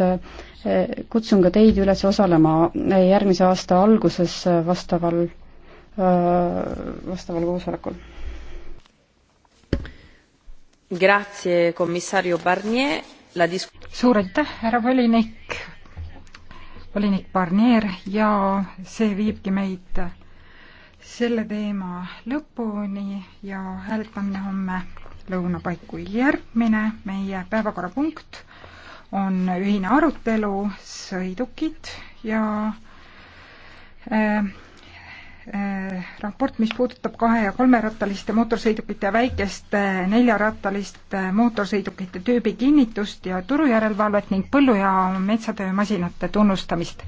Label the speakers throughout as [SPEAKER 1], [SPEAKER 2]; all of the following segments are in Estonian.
[SPEAKER 1] Eh, kutsun ka teid üles osalema järgmise aasta alguses vastaval, eh, vastaval koosolekul. suur aitäh, härra
[SPEAKER 2] volinik, volinik Barnier ja see viibki meid selle teema lõpuni ja hääletamine homme lõuna paiku. järgmine meie päevakorrapunkt on ühine arutelu, sõidukid ja äh, äh, raport, mis puudutab kahe- ja kolmerattaliste mootorsõidukite ja väikeste neljarattaliste mootorsõidukite tüübi kinnitust ja turujärelevalvet ning põllu- ja metsatöömasinate tunnustamist.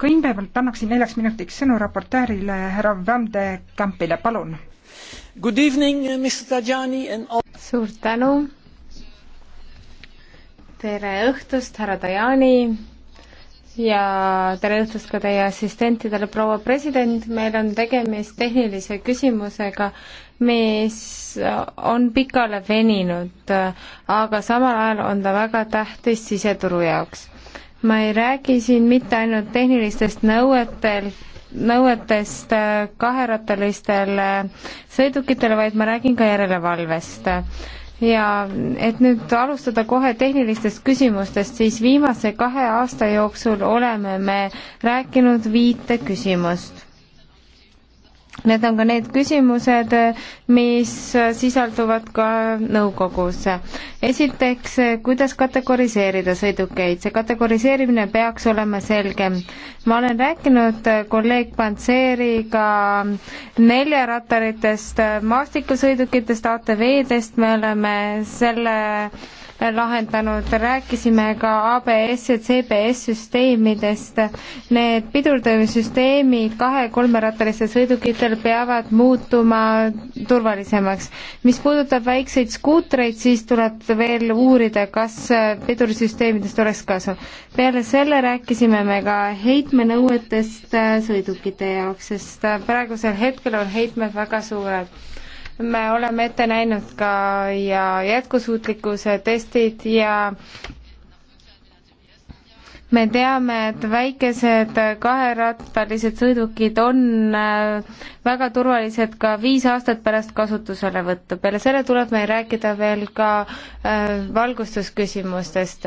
[SPEAKER 2] kõigepealt annaksin neljaks minutiks sõnu raportöörile härra Van de Kampile, palun. Good evening, Mr Tajani
[SPEAKER 3] and all suur tänu tere õhtust, härra Tajani ja tere õhtust ka teie assistentidele, proua president, meil on tegemist tehnilise küsimusega, mis on pikale veninud, aga samal ajal on ta väga tähtis siseturu jaoks. ma ei räägi siin mitte ainult tehnilistest nõuetel, nõuetest äh, kaherattalistele sõidukitele, vaid ma räägin ka järelevalvest ja et nüüd alustada kohe tehnilistest küsimustest, siis viimase kahe aasta jooksul oleme me rääkinud viite küsimust Need on ka need küsimused, mis sisalduvad ka nõukogus. esiteks, kuidas kategoriseerida sõidukeid, see kategoriseerimine peaks olema selgem. ma olen rääkinud kolleeg Pantseriga neljarattaritest, maastikusõidukitest, ATV-dest, me oleme selle lahendanud, rääkisime ka ABS ja CBS süsteemidest. Need pidurdamissüsteemid kahe-kolmerattalistel sõidukitel peavad muutuma turvalisemaks. mis puudutab väikseid skuutreid, siis tuleb veel uurida, kas pidurisüsteemidest oleks kasu. peale selle rääkisime me ka heitmenõuetest äh, sõidukite jaoks, sest äh, praegusel hetkel on heitmed väga suured me oleme ette näinud ka ja jätkusuutlikkuse testid ja me teame, et väikesed kaherattalised sõidukid on äh, väga turvalised ka viis aastat pärast kasutuselevõttu. peale selle tuleb meil rääkida veel ka äh, valgustusküsimustest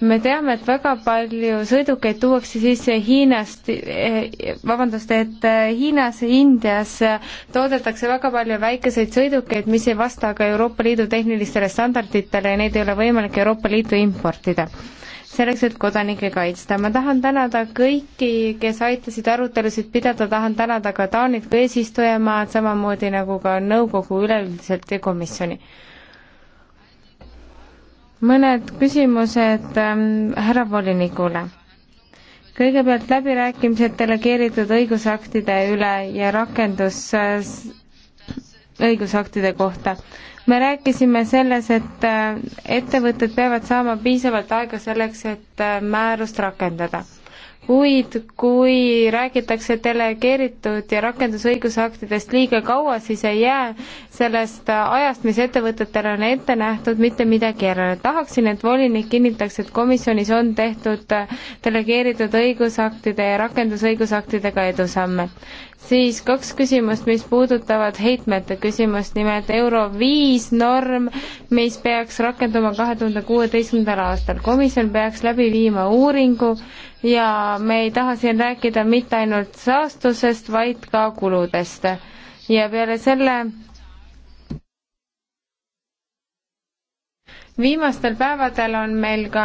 [SPEAKER 3] me teame, et väga palju sõidukeid tuuakse sisse Hiinast, eh, vabandust, et eh, Hiinas ja Indias eh, toodetakse väga palju väikeseid sõidukeid, mis ei vasta ka Euroopa Liidu tehnilistele standarditele ja neid ei ole võimalik Euroopa Liitu importida selleks, et kodanikke kaitsta. ma tahan tänada kõiki, kes aitasid arutelusid pidada, tahan tänada ka Taanit kui eesistujamaad, samamoodi nagu ka nõukogu üleüldiselt ja komisjoni mõned küsimused ähm, härra volinikule. kõigepealt läbirääkimised delegeeritud õigusaktide üle ja rakendus äh, õigusaktide kohta. me rääkisime selles, et äh, ettevõtted peavad saama piisavalt aega selleks, et äh, määrust rakendada kuid kui räägitakse delegeeritud ja rakendusõigusaktidest liiga kaua, siis ei jää sellest ajast, mis ettevõtetele on ette nähtud, mitte midagi järele. tahaksin, et volinik kinnitaks, et komisjonis on tehtud delegeeritud õigusaktide ja rakendusõigusaktidega edusamme. siis kaks küsimust, mis puudutavad heitmete küsimust, nimelt Euro viis norm, mis peaks rakenduma kahe tuhande kuueteistkümnendal aastal. komisjon peaks läbi viima uuringu, ja me ei taha siin rääkida mitte ainult saastusest, vaid ka kuludest. ja peale selle viimastel päevadel on meil ka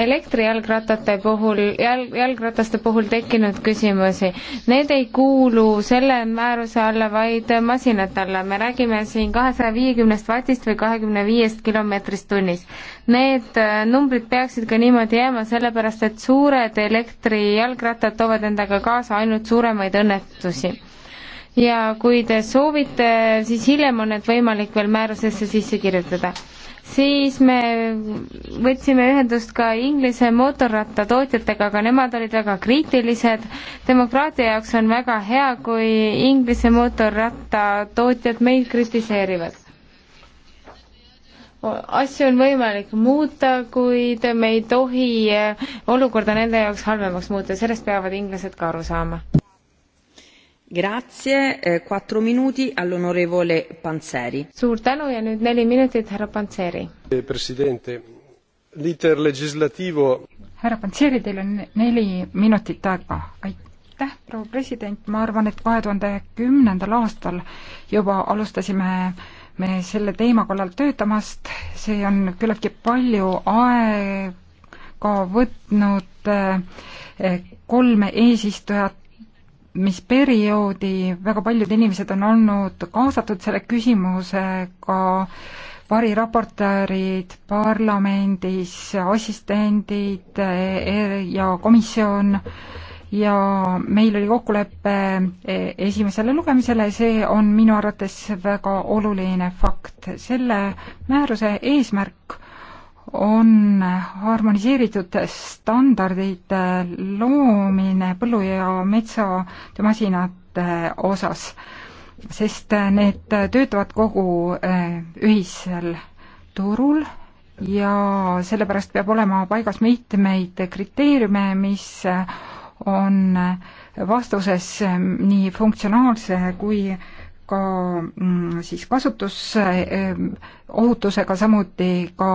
[SPEAKER 3] elektrijalgrattate puhul, jalg, jalgrataste puhul tekkinud küsimusi. Need ei kuulu selle määruse alla, vaid masinate alla. me räägime siin kahesaja viiekümnest vatist või kahekümne viiest kilomeetrist tunnis. Need äh, numbrid peaksid ka niimoodi jääma, sellepärast et suured elektrijalgrattad toovad endaga kaasa ainult suuremaid õnnetusi ja kui te soovite, siis hiljem on need võimalik veel määrusesse sisse kirjutada siis me võtsime ühendust ka Inglise mootorrattatootjatega, aga nemad olid väga kriitilised. demokraatia jaoks on väga hea, kui Inglise mootorrattatootjad meid kritiseerivad asju on võimalik muuta, kuid me ei tohi eh, olukorda nende jaoks halvemaks muuta, sellest peavad inglased ka aru saama. Grazie, eh, quattro minuti all'onorevole Panzeri. suur tänu ja nüüd neli minutit härra Panzeri.
[SPEAKER 1] Eh, president, l'iter legislativo.
[SPEAKER 2] härra Panzeri, teil on neli minutit aega. aitäh, proua president, ma arvan, et kahe tuhande kümnendal aastal juba alustasime me selle teema kallal töötamast, see on küllaltki palju aega võtnud eh, kolme eesistujat mis perioodi väga paljud inimesed on olnud kaasatud selle küsimusega, variraportöörid parlamendis, assistendid e-, e-, ja komisjon ja meil oli kokkulepe e-, esimesele lugemisele, see on minu arvates väga oluline fakt. selle määruse eesmärk on harmoniseeritud standardite loomine põllu- ja metsamasinate osas, sest need töötavad kogu eh, ühisel turul ja sellepärast peab olema paigas mitmeid kriteeriume, mis on vastuses nii funktsionaalse kui ka mm, siis kasutusohutusega, eh, samuti ka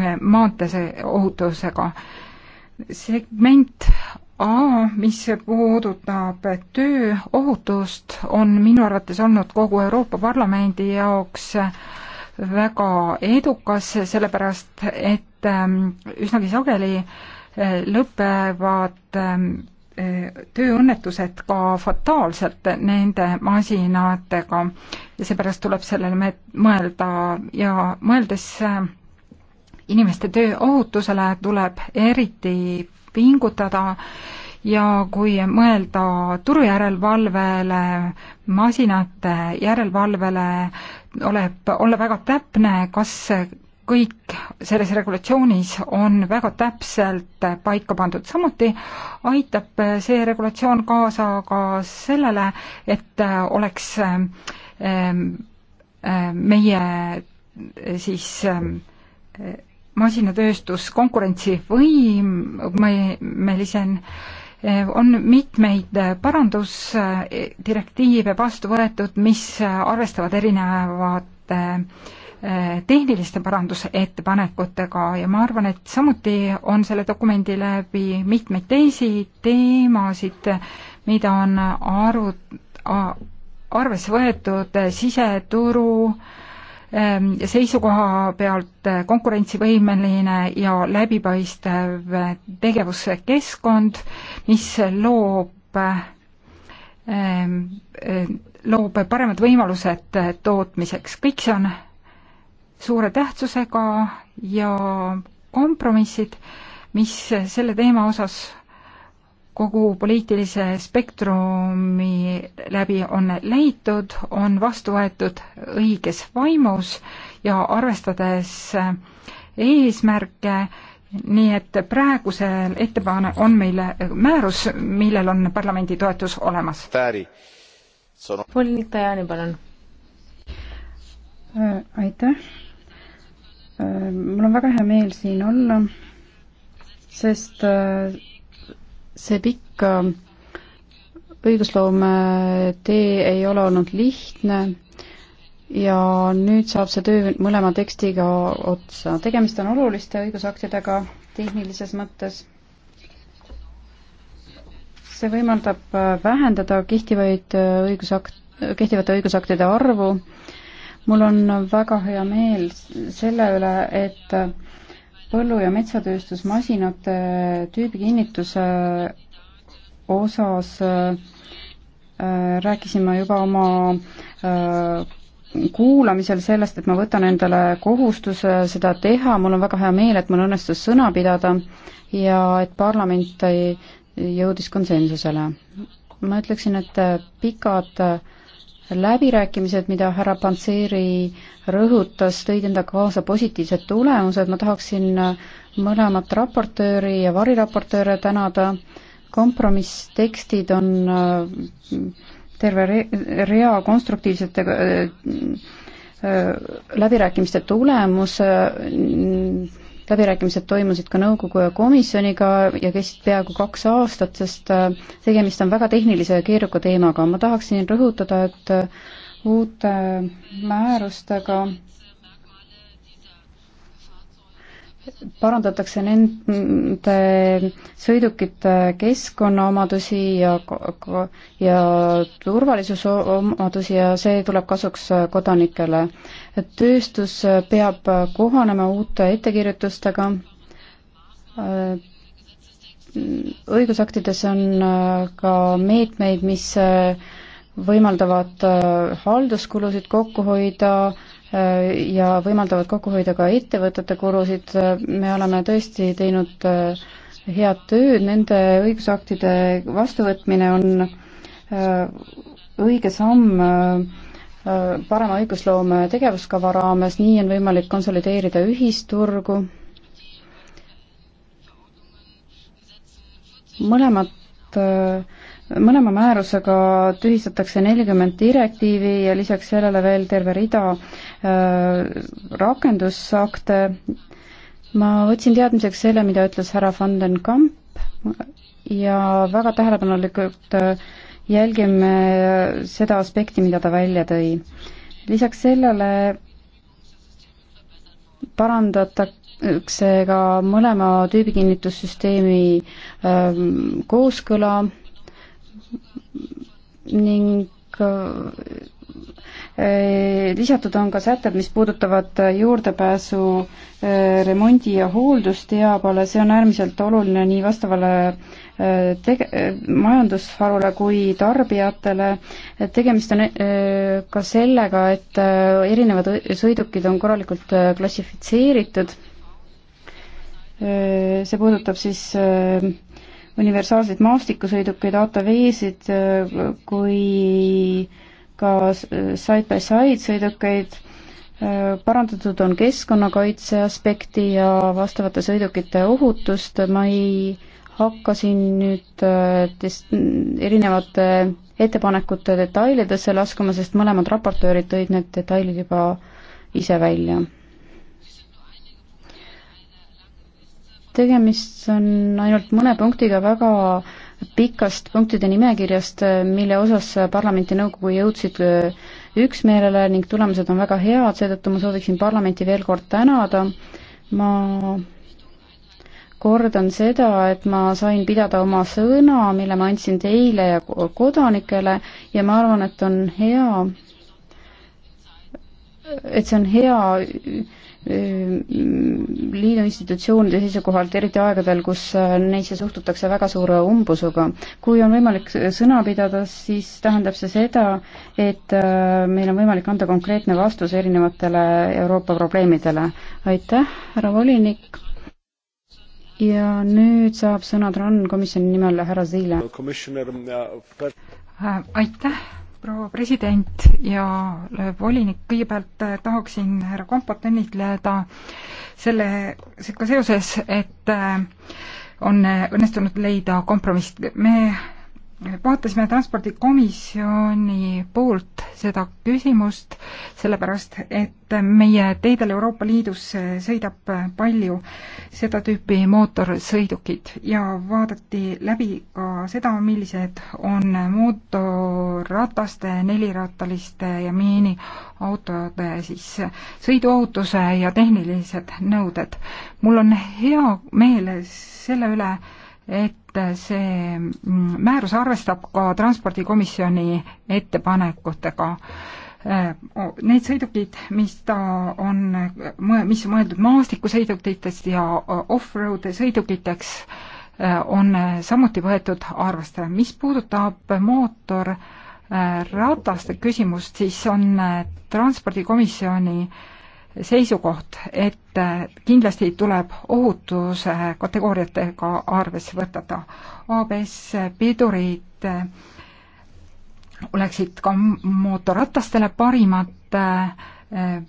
[SPEAKER 2] eh, maanteede ohutusega. segment A, mis puudutab tööohutust, on minu arvates olnud kogu Euroopa Parlamendi jaoks väga edukas, sellepärast et eh, üsnagi sageli lõpevad tööõnnetused ka fataalselt nende masinatega ja seepärast tuleb sellele mõelda ja mõeldes äh, inimeste tööohutusele tuleb eriti pingutada ja kui mõelda turujärelevalvele, masinate järelevalvele, tuleb olla väga täpne, kas kõik selles regulatsioonis on väga täpselt paika pandud, samuti aitab see regulatsioon kaasa ka sellele, et oleks ähm, ähm, meie äh, siis ähm, äh, masinatööstus konkurentsivõimelisem äh, on mitmeid parandusdirektiive vastu võetud, mis arvestavad erinevate Eh, tehniliste parandusettepanekutega ja ma arvan, et samuti on selle dokumendi läbi mitmeid teisi teemasid, mida on aru, arvesse võetud eh, siseturu ehm, seisukoha pealt eh, konkurentsivõimeline ja läbipaistev tegevuskeskkond, mis loob loob paremad võimalused tootmiseks, kõik see on suure tähtsusega ja kompromissid, mis selle teema osas kogu poliitilise spektrumi läbi on leitud, on vastu võetud õiges vaimus ja arvestades eesmärke, nii et praegusel ettepane on meil määrus, millel on parlamendi toetus olemas.
[SPEAKER 3] volinik Tajani, palun.
[SPEAKER 2] Äh, aitäh
[SPEAKER 1] Äh, mul on väga hea meel siin olla, sest äh, see pikk äh, õigusloome tee ei ole olnud lihtne ja nüüd saab see töö mõlema tekstiga otsa. tegemist on oluliste õigusaktidega tehnilises mõttes. see võimaldab vähendada kehtivaid õigusakt-, kehtivate õigusaktide arvu äh, mul on väga hea meel selle üle, et põllu- ja metsatööstusmasinate tüübikinnituse osas äh, rääkisin ma juba oma äh, kuulamisel sellest, et ma võtan endale kohustuse seda teha, mul on väga hea meel, et mul õnnestus sõna pidada ja et parlament jõudis konsensusele. ma ütleksin, et pikad läbirääkimised, mida härra Panseri rõhutas, tõid endaga kaasa positiivsed tulemused, ma tahaksin mõlemat raportööri ja variraportööre tänada, kompromisstekstid on äh, terve rea konstruktiivsete äh, äh, läbirääkimiste tulemus, läbirääkimised toimusid ka nõukogu ja komisjoniga ja kestsid peaaegu kaks aastat, sest äh, tegemist on väga tehnilise ja keeruka teemaga. ma tahaksin rõhutada, et äh, uute määrustega parandatakse nende sõidukite keskkonnaomadusi ja, ja turvalisusomadusi ja see tuleb kasuks kodanikele tööstus äh, peab äh, kohanema uute ettekirjutustega, äh, õigusaktides on ka meetmeid, mis võimaldavad halduskulusid kokku hoida ja võimaldavad kokku hoida ka ettevõtete kulusid, me oleme tõesti teinud head tööd, nende õigusaktide vastuvõtmine on õige samm parema õigusloome tegevuskava raames, nii on võimalik konsolideerida ühisturgu, mõlemat, mõlema määrusega tühistatakse nelikümmend direktiivi ja lisaks sellele veel terve rida äh, rakendusakte. ma võtsin teadmiseks selle, mida ütles härra Van den Kamp ja väga tähelepanelikult äh, jälgime äh, seda aspekti, mida ta välja tõi. lisaks sellele parandatakse ka mõlema tüübikinnitussüsteemi ähm, kooskõla ning äh, Äh, lisatud on ka sätted, mis puudutavad juurdepääsu äh, remondi- ja hooldusteabele, see on äärmiselt oluline nii vastavale äh, tege-, majandusharule kui tarbijatele, et tegemist on ka sellega, et erinevad sõidukid on korralikult klassifitseeritud, see puudutab siis universaalseid maastikusõidukeid, ATV-sid kui ka side-by-side -side sõidukeid, parandatud on keskkonnakaitse aspekti ja vastavate sõidukite ohutust, ma ei hakka siin nüüd äh, erinevate ettepanekute detailidesse laskuma, sest mõlemad raportöörid tõid need detailid juba ise välja. tegemist on ainult mõne punktiga väga äh, pikast punktide nimekirjast, mille osas parlament ja nõukogu jõudsid äh, üksmeelele ning tulemused on väga head, seetõttu ma sooviksin parlamenti veel kord tänada. ma kordan seda, et ma sain pidada oma sõna, mille ma andsin teile ja kodanikele ja ma arvan, et on hea, et see on hea Ehm, liidu institutsioonide seisukohalt, eriti aegadel, kus äh, neisse suhtutakse väga suure umbusega. kui on võimalik sõna pidada, siis tähendab see seda, et äh, meil on võimalik anda konkreetne vastus erinevatele Euroopa probleemidele. aitäh, härra volinik! ja nüüd saab sõna
[SPEAKER 2] TRAN komisjoni nimel härra Ziile.
[SPEAKER 3] Uh,
[SPEAKER 2] äh, aitäh, proua president ja volinik, kõigepealt eh, tahaksin härra Kompot õnnitleda selle, ka seoses, et eh, on eh, õnnestunud leida kompromiss. me vaatasime Transpordikomisjoni poolt seda küsimust, sellepärast et meie teedel Euroopa Liidus sõidab palju seda tüüpi mootorsõidukid ja vaadati läbi ka seda, millised on mootorrataste, nelirattaliste ja miiniautode siis sõiduohutuse ja tehnilised nõuded. mul on hea meel selle üle, et et see mm, määrus arvestab ka Transpordikomisjoni ettepanekutega. Äh, need sõidukid, mis ta on, mis on mõeldud maastikusõidukitest ja off-road sõidukiteks, äh, on samuti võetud arvesse. mis puudutab mootorrataste äh, küsimust, siis on Transpordikomisjoni äh, seisukoht, et kindlasti tuleb ohutuse kategooriatega arvesse võtada. ABS-pidurid oleksid ka mootorratastele parimad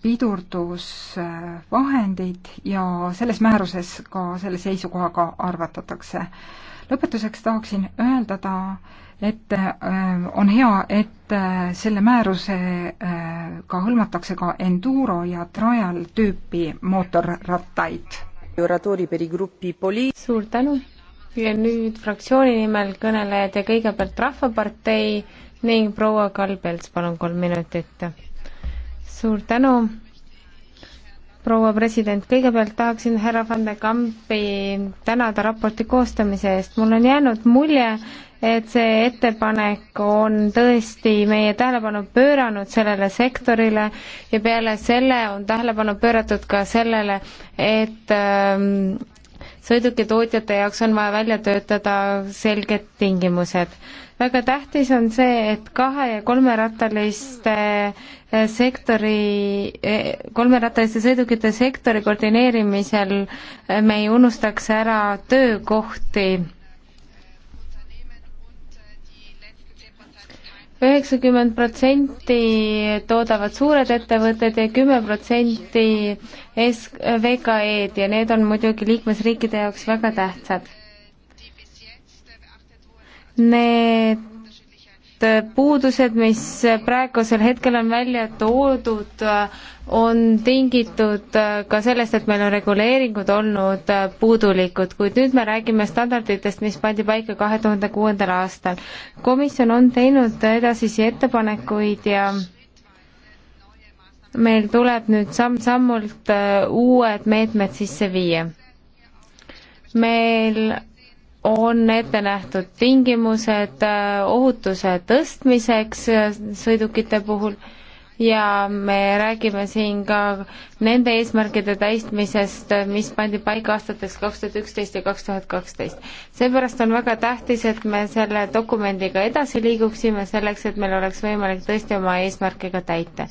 [SPEAKER 2] pidurdusvahendid ja selles määruses ka selle seisukohaga arvatatakse lõpetuseks tahaksin öelda ta, et äh, on hea, et äh, selle määrusega äh, hõlmatakse ka enduro ja trial tüüpi mootorrattaid. suur tänu
[SPEAKER 3] ja nüüd fraktsiooni nimel kõnelejad ja kõigepealt Rahvapartei ning proua Kalbelts, palun kolm minutit. suur tänu proua president, kõigepealt tahaksin härra Van de Kampi tänada raporti koostamise eest, mul on jäänud mulje, et see ettepanek on tõesti meie tähelepanu pööranud sellele sektorile ja peale selle on tähelepanu pööratud ka sellele, et ähm, sõidukitootjate jaoks on vaja välja töötada selged tingimused. väga tähtis on see, et kahe- ja kolmerattaliste eh, sektori, eh, kolmerattaliste sõidukite sektori koordineerimisel eh, me ei unustaks ära töökohti üheksakümmend protsenti toodavad suured ettevõtted ja kümme protsenti VKE-d ja need on muidugi liikmesriikide jaoks väga tähtsad. Need puudused, mis praegusel hetkel on välja toodud, on tingitud äh, ka sellest, et meil on reguleeringud olnud äh, puudulikud, kuid nüüd me räägime standarditest, mis pandi paika kahe tuhande kuuendal aastal. komisjon on teinud edasisi ettepanekuid ja meil tuleb nüüd samm-sammult äh, uued meetmed sisse viia. meil on ette nähtud tingimused äh, ohutuse tõstmiseks äh, sõidukite puhul ja me räägime siin ka nende eesmärkide täitmisest, äh, mis pandi paika aastateks kaks tuhat üksteist ja kaks tuhat kaksteist. seepärast on väga tähtis, et me selle dokumendiga edasi liiguksime selleks, et meil oleks võimalik tõesti oma eesmärke ka täita.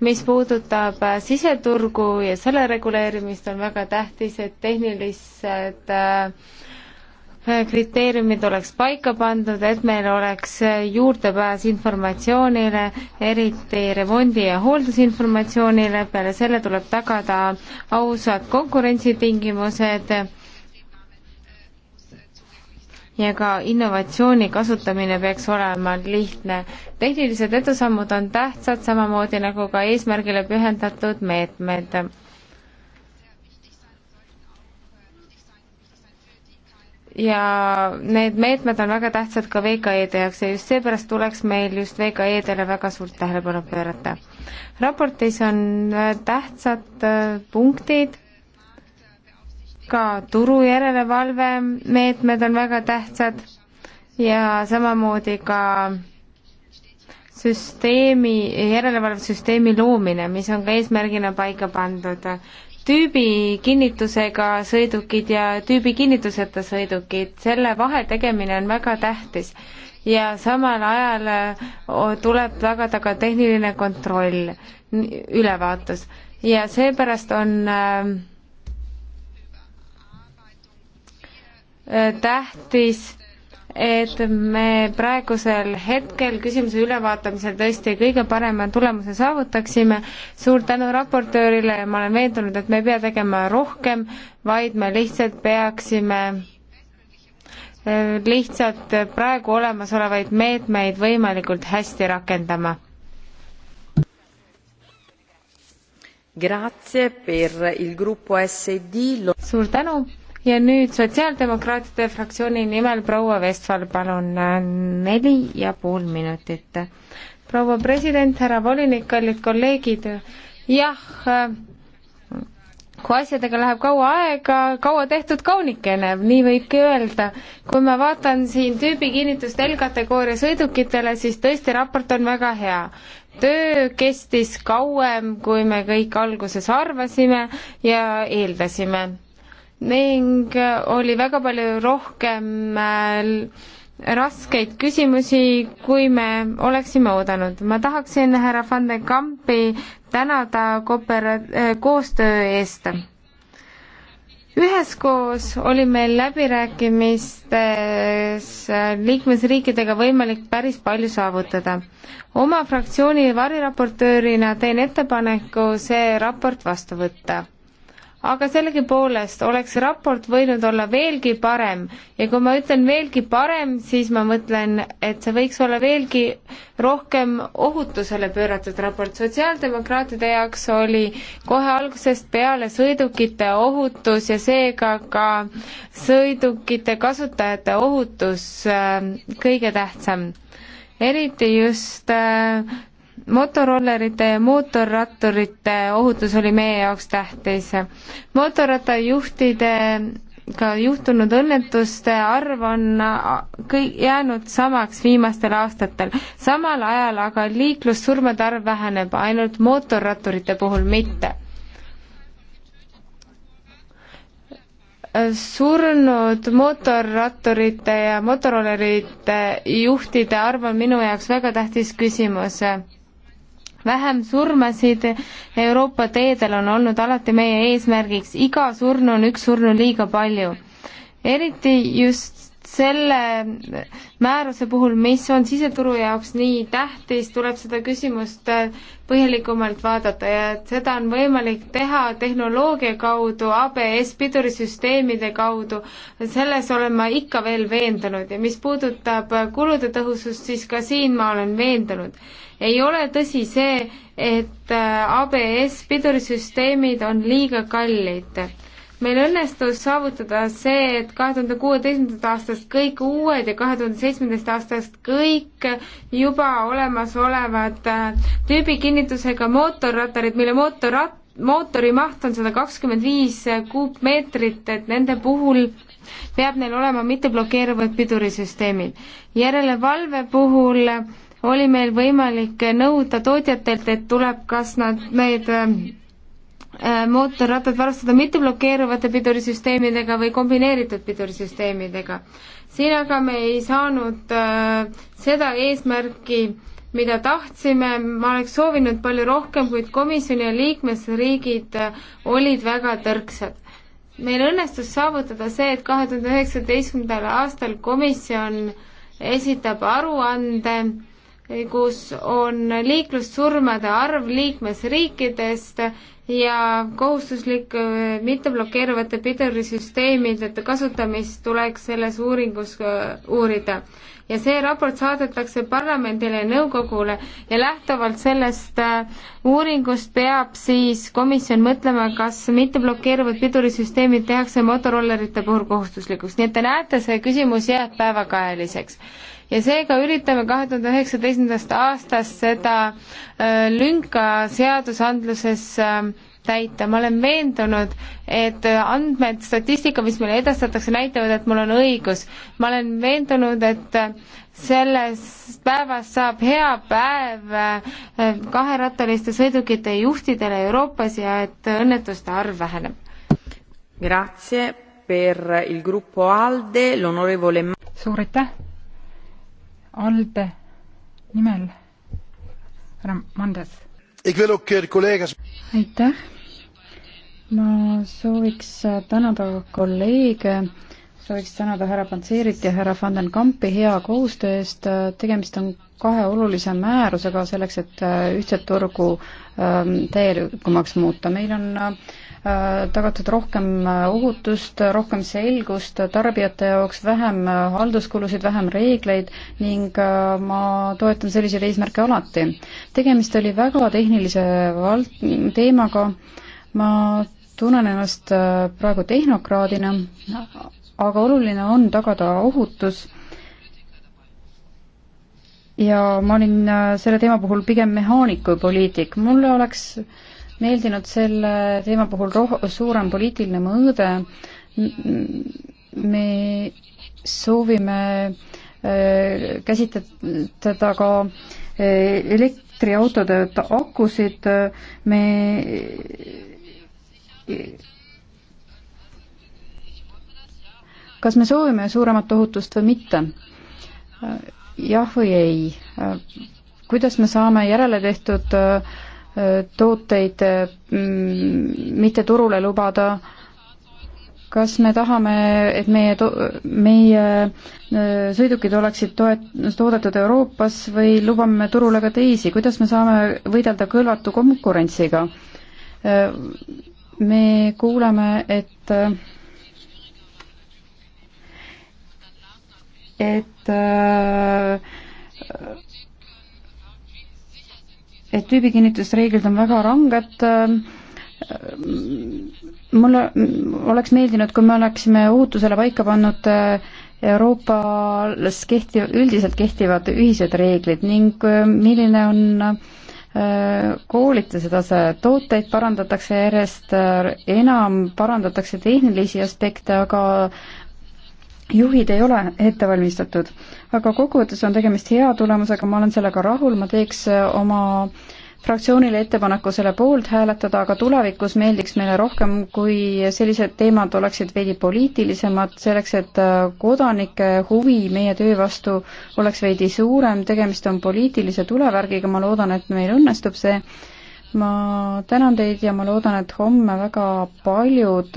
[SPEAKER 3] mis puudutab siseturgu ja selle reguleerimist, on väga tähtis, et tehnilised äh, kriteeriumid oleks paika pandud, et meil oleks juurdepääs informatsioonile, eriti remondi- ja hooldusinformatsioonile, peale selle tuleb tagada ausad konkurentsitingimused ja ka innovatsiooni kasutamine peaks olema lihtne. tehnilised edusammud on tähtsad, samamoodi nagu ka eesmärgile pühendatud meetmed meet ja need meetmed on väga tähtsad ka VKE-de jaoks ja just seepärast tuleks meil just VKE-dele väga suurt tähelepanu pöörata. raportis on äh, tähtsad äh, punktid, ka turu järelevalve meetmed on väga tähtsad ja samamoodi ka süsteemi, järelevalvesüsteemi loomine, mis on ka eesmärgina paika pandud tüübi kinnitusega sõidukid ja tüübi kinnituseta sõidukid, selle vahe tegemine on väga tähtis. ja samal ajal tuleb tagada ka tehniline kontroll, ülevaatus ja seepärast on äh, äh tähtis et me praegusel hetkel küsimuse ülevaatamisel tõesti kõige parema tulemuse saavutaksime. suur tänu raportöörile ja ma olen veendunud, et me ei pea tegema rohkem, vaid me lihtsalt peaksime äh, lihtsalt praegu olemasolevaid meetmeid võimalikult hästi rakendama. suur tänu ja nüüd Sotsiaaldemokraatide fraktsiooni nimel proua Vestval, palun neli ja pool minutit. proua president, härra volinik, kallid kolleegid, jah, kui asjadega läheb kaua aega, kaua tehtud kaunikene, nii võibki öelda. kui ma vaatan siin tüübikinnitust L-kategooria sõidukitele, siis tõesti raport on väga hea. töö kestis kauem, kui me kõik alguses arvasime ja eeldasime ning oli väga palju rohkem äh, raskeid küsimusi, kui me oleksime oodanud. ma tahaksin härra Van de Kampi tänada koopera-, äh, koostöö eest. üheskoos oli meil läbirääkimistes äh, liikmesriikidega võimalik päris palju saavutada. oma fraktsiooni variraportöörina teen ettepaneku see raport vastu võtta aga sellegipoolest oleks raport võinud olla veelgi parem ja kui ma ütlen veelgi parem, siis ma mõtlen, et see võiks olla veelgi rohkem ohutusele pööratud raport. sotsiaaldemokraatide jaoks oli kohe algusest peale sõidukite ohutus ja seega ka sõidukite kasutajate ohutus äh, kõige tähtsam eriti just äh, motorollerite ja mootorratturite ohutus oli meie jaoks tähtis. mootorrattajuhtidega juhtunud õnnetuste arv on kõik jäänud samaks viimastel aastatel. samal ajal aga liiklussurmade arv väheneb, ainult mootorratturite puhul mitte. surnud mootorratturite ja motorollerite juhtide arv on minu jaoks väga tähtis küsimus vähem surmasid Euroopa teedel on olnud alati meie eesmärgiks, iga surnu on üks surnu liiga palju. eriti just selle määruse puhul, mis on siseturu jaoks nii tähtis, tuleb seda küsimust äh, põhjalikumalt vaadata ja et seda on võimalik teha tehnoloogia kaudu, ABS pidurisüsteemide kaudu, selles olen ma ikka veel veendunud ja mis puudutab kulude tõhusust, siis ka siin ma olen veendunud, ei ole tõsi see, et äh, ABS pidurisüsteemid on liiga kallid. meil õnnestus saavutada see, et kahe tuhande kuueteistkümnendast aastast kõik uued ja kahe tuhande seitsmendast aastast kõik juba olemasolevad äh, tüübikinnitusega mootorratarid, mille mootorrat-, mootori maht on sada kakskümmend viis kuupmeetrit, et nende puhul peab neil olema mitteblokeeruvad pidurisüsteemid. järelevalve puhul oli meil võimalik nõuda tootjatelt, et tuleb kas nad need äh, mootorrattad varustada mitteblokeeruvate pidurisüsteemidega või kombineeritud pidurisüsteemidega. siin aga me ei saanud äh, seda eesmärki, mida tahtsime, ma oleks soovinud palju rohkem, kuid komisjoni ja liikmesriigid äh, olid väga tõrksad. meil õnnestus saavutada see, et kahe tuhande üheksateistkümnendal aastal komisjon esitab aruande äh, kus on liiklussurmade arv liikmesriikidest ja kohustuslik äh, mitteblokeeruvate pidurisüsteemide kasutamist tuleks selles uuringus äh, uurida. ja see raport saadetakse parlamendile ja nõukogule ja lähtuvalt sellest äh, uuringust peab siis komisjon mõtlema, kas mitteblokeeruvad pidurisüsteemid tehakse motorollerite puhul kohustuslikuks, nii et te näete, see küsimus jääb päevakajaliseks ja seega üritame kahe tuhande üheksateistkümnendast aastast seda äh, lünka seadusandluses äh, täita, ma olen veendunud, et äh, andmed, statistika, mis meile edastatakse, näitavad, et mul on õigus. ma olen veendunud, et äh, sellest päevast saab hea päev äh, kaherattaliste sõidukite juhtidele Euroopas ja et õnnetuste arv väheneb.
[SPEAKER 1] Grazie per il gruppo ALDE, l'onorevole
[SPEAKER 2] suur aitäh! ALDE nimel härra Mandes. Eh, aitäh,
[SPEAKER 1] ma sooviks äh, tänada kolleege sooviks tänada härra Panseerit ja härra Van den Kampi hea koostöö eest, äh, tegemist on kahe olulise määrusega selleks, et äh, ühtset turgu ähm, täielikumaks muuta. meil on äh, Äh, tagatud rohkem äh, ohutust, rohkem selgust tarbijate jaoks, vähem äh, halduskulusid, vähem reegleid ning ma toetan selliseid eesmärke alati. tegemist oli väga tehnilise vald-, teemaga, ma tunnen ennast praegu tehnokraadina, aga oluline on tagada ohutus ja ma olin selle teema puhul pigem mehaanik kui poliitik, mulle oleks äh, meeldinud selle teema puhul roh-, suurem poliitiline mõõde, me soovime äh, käsitleda ka äh, elektriautode akusid, me kas me soovime suuremat ohutust või mitte? Äh, jah või ei? kuidas me saame järele tehtud äh, tooteid mm, mitte turule lubada, kas me tahame, et meie, meie äh, sõidukid oleksid toet-, toodetud Euroopas või lubame turule ka teisi, kuidas me saame võidelda kõlvatu konkurentsiga? Äh, me kuuleme, et et äh, et tüübikinnitusreeglid on väga ranged. Ähm, äh, mulle oleks meeldinud, kui me oleksime ohutusele paika pannud äh, Euroopas kehtiv, üldiselt kehtivad ühised reeglid ning äh, milline on koolituse tase, tooteid parandatakse järjest enam, parandatakse tehnilisi aspekte, aga juhid ei ole ette valmistatud, aga kokkuvõttes on tegemist hea tulemusega, ma olen sellega rahul, ma teeks äh, oma fraktsioonile ettepaneku selle poolt hääletada, aga tulevikus meeldiks meile rohkem, kui sellised teemad oleksid veidi poliitilisemad, selleks et äh, kodanike huvi meie töö vastu oleks veidi suurem, tegemist on poliitilise tulevärgiga, ma loodan, et meil õnnestub see ma tänan teid ja ma loodan, et homme väga paljud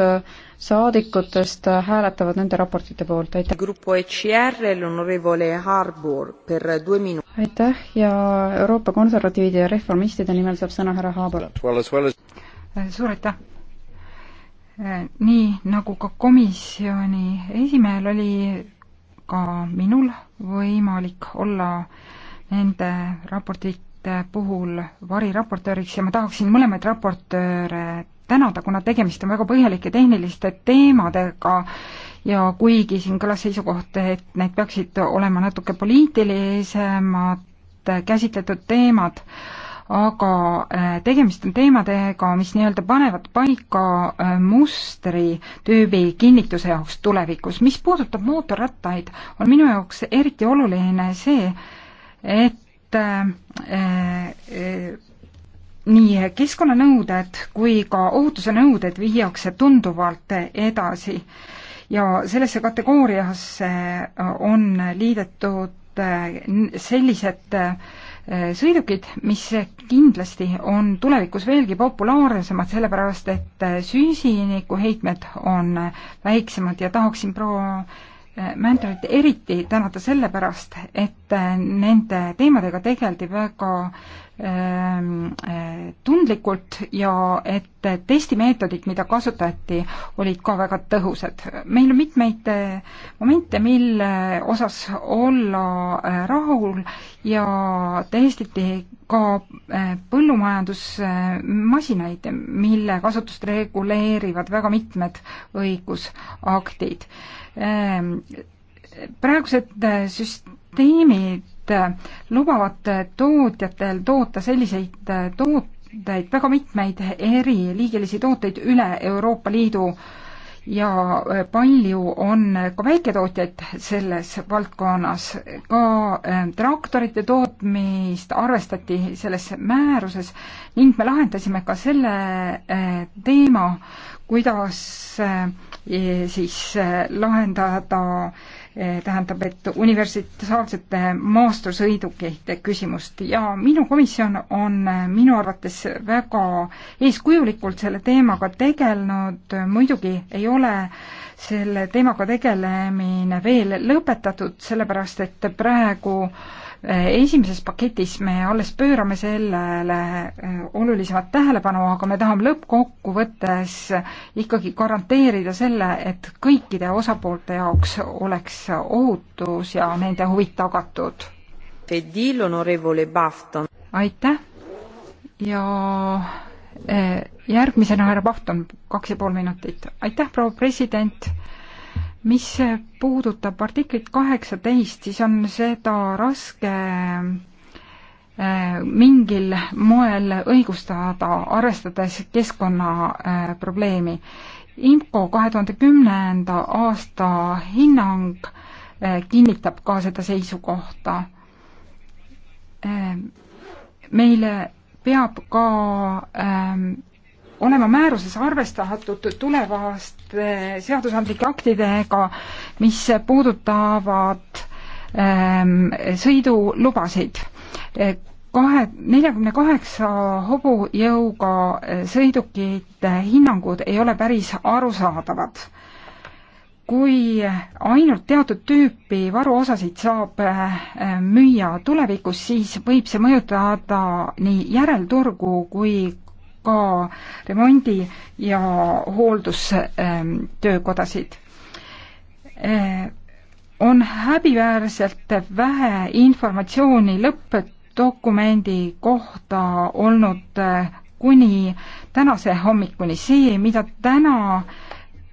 [SPEAKER 1] saadikutest hääletavad nende raportite poolt, aitäh. E aitäh ja Euroopa konservatiivide
[SPEAKER 2] ja reformistide nimel saab sõna härra Haabal. Äh, suur aitäh! Äh, nii nagu ka komisjoni esimehel oli ka minul võimalik olla nende raportite puhul variraportööriks ja ma tahaksin mõlemaid raportööre tänada, kuna tegemist on väga põhjalike tehniliste teemadega ja kuigi siin kõlas seisukoht, et need peaksid olema natuke poliitilisemad käsitletud teemad, aga äh, tegemist on teemadega, mis nii-öelda panevad paika äh, mustri tüübi kinnituse jaoks tulevikus. mis puudutab mootorrattaid, on minu jaoks eriti oluline see, et Eh, eh, nii keskkonnanõuded kui ka ohutuse nõuded viiakse tunduvalt edasi ja sellesse kategooriasse eh, on liidetud sellised sõidukid, mis kindlasti on tulevikus veelgi populaarsemad, sellepärast et süsinikuheitmed on väiksemad ja tahaksin proua mentorit eriti tänada selle pärast, et nende teemadega tegeldi väga Ähm, äh, tundlikult ja et testimeetodid, mida kasutati, olid ka väga tõhusad. meil on mitmeid äh, momente, mille äh, osas olla rahul ja testiti ka põllumajandusmasinaid, mille kasutust reguleerivad väga mitmed õigusaktid. Ähm, praegused süsteemid Äh, lubavad äh, tootjatel toota selliseid äh, tooteid, väga mitmeid eriliigilisi tooteid üle Euroopa Liidu ja palju on ka väiketootjaid selles valdkonnas. ka traktorite tootmist arvestati selles määruses ning me lahendasime ka selle teema, kuidas e, siis lahendada Eh, tähendab, et universaalsete maastursõidukite küsimust ja minu komisjon on eh, minu arvates väga eeskujulikult selle teemaga tegelenud, muidugi ei ole selle teemaga tegelemine veel lõpetatud, sellepärast et praegu äh, Eh, esimeses paketis me alles pöörame sellele eh, olulisemat tähelepanu, aga me tahame lõppkokkuvõttes ikkagi garanteerida selle, et kõikide osapoolte jaoks oleks ohutus ja nende huvid tagatud. aitäh ja eh, järgmisena härra Pahton, kaks ja pool minutit. aitäh, proua president mis puudutab artiklit kaheksateist, siis on seda raske äh, mingil moel õigustada, arvestades keskkonnaprobleemi. IMCO kahe tuhande kümnenda aasta hinnang äh, kinnitab ka seda seisukohta. Äh, meil peab ka ähm, olema määruses arvestatud tulevast Eh, seadusandlike aktidega, mis puudutavad ähm, sõidulubasid. Eh, kahe, neljakümne kaheksa hobujõuga eh, sõidukite hinnangud ei ole päris arusaadavad kui ainult teatud tüüpi varuosasid saab müüa tulevikus, siis võib see mõjutada nii järelturgu kui ka remondi- ja hooldustöökodasid. Äh, on häbiväärselt vähe informatsiooni lõppdokumendi kohta olnud äh, kuni tänase hommikuni. see, mida täna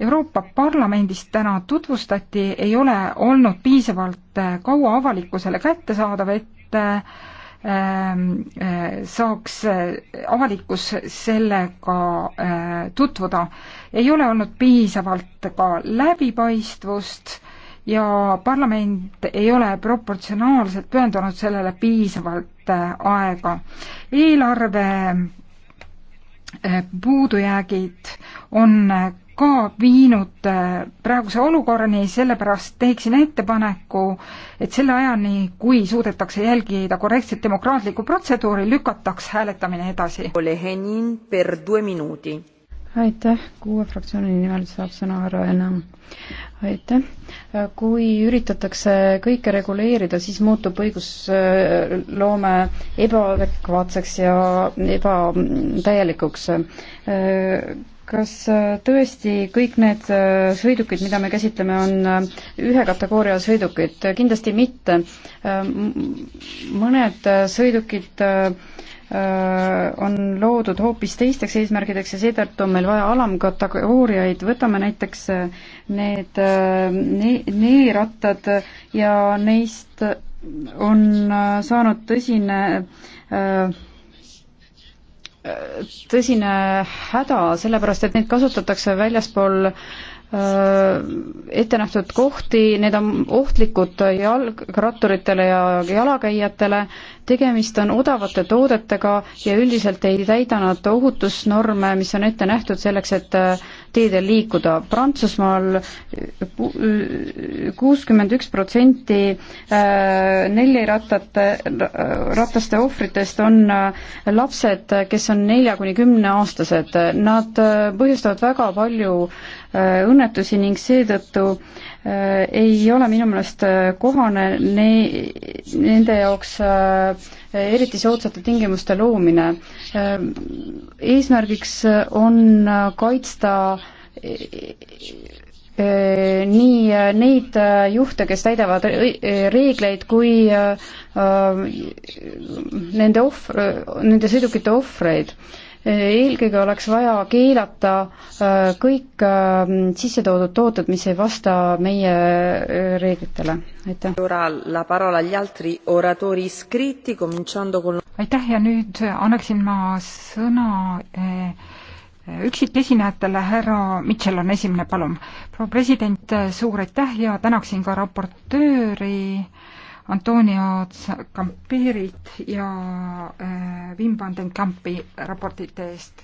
[SPEAKER 2] Euroopa Parlamendis täna tutvustati, ei ole olnud piisavalt äh, kaua avalikkusele kättesaadav, et Ähm, äh, saaks äh, avalikkus sellega äh, tutvuda. ei ole olnud piisavalt ka läbipaistvust ja parlament ei ole proportsionaalselt pühendunud sellele piisavalt aega. eelarve puudujäägid on ka viinud äh, praeguse olukorrani, sellepärast teeksin ettepaneku, et selle ajani, kui suudetakse jälgida korrektset demokraatlikku protseduuri, lükataks hääletamine edasi. aitäh, kuue
[SPEAKER 1] fraktsiooni nimel saab sõna härra Enam. aitäh. kui üritatakse kõike reguleerida, siis muutub õigusloome ebaadekvaatseks ja ebatäielikuks kas äh, tõesti kõik need äh, sõidukid, mida me käsitleme, on äh, ühe kategooria sõidukid? kindlasti mitte. Ähm, mõned sõidukid on loodud hoopis teisteks eesmärgideks ja seetõttu on meil vaja alamkategooriaid, võtame näiteks need ne-, neerattad ja neist on saanud tõsine äh, tõsine häda, sellepärast et neid kasutatakse väljaspool äh, ette nähtud kohti, need on ohtlikud jalgratturitele ja jalakäijatele, tegemist on odavate toodetega ja üldiselt ei täida nad ohutusnorme, mis on ette nähtud selleks, et äh, teedel liikuda. Prantsusmaal kuuskümmend üks protsenti äh, neljarattate, rataste ohvritest on äh, lapsed, kes on nelja kuni kümneaastased. Nad äh, põhjustavad väga palju õnnetusi ning seetõttu äh, Äh, ei ole minu meelest äh, kohane ne-, nende jaoks äh, eriti soodsate tingimuste loomine. eesmärgiks on kaitsta e-, e-, e-, nii neid juhte, kes täidavad reegleid, kui nende ohv-, nende sõidukite ohvreid eelkõige oleks vaja keelata äh, kõik äh, sisse toodud tooted, mis ei vasta meie äh, reeglitele. aitäh.
[SPEAKER 2] aitäh ja nüüd annaksin ma sõna üksikesinejatele, härra Mitchell on esimene, palun. proua president, suur aitäh ja tänaksin ka raportööri Antonia Camperit ja äh, Wim van den Kampi raportite eest.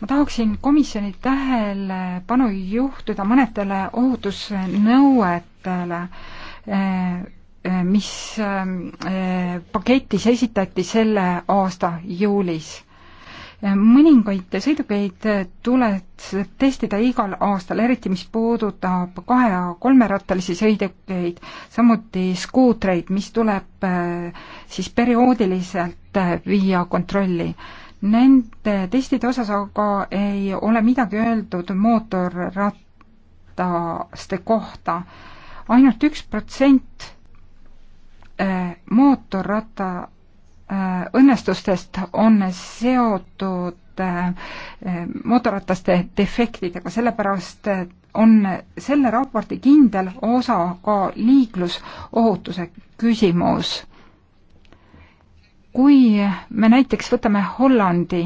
[SPEAKER 2] ma tahaksin komisjoni tähelepanu juhtida mõnedele ohutusnõuetele, äh, äh, mis paketis esitati selle aasta juulis mõningaid sõidukeid tuleks testida igal aastal, eriti mis puudutab kahe- ja kolmerattalisi sõidukeid, samuti skuutreid, mis tuleb eh, siis perioodiliselt eh, viia kontrolli. Nende testide osas aga ei ole midagi öeldud mootorrattaste kohta ainult. ainult üks protsent eh, mootorratta Äh, õnnestustest on seotud äh, äh, mootorrataste defektidega, sellepärast on selle raporti kindel osa ka liiklusohutuse küsimus. kui me näiteks võtame Hollandi,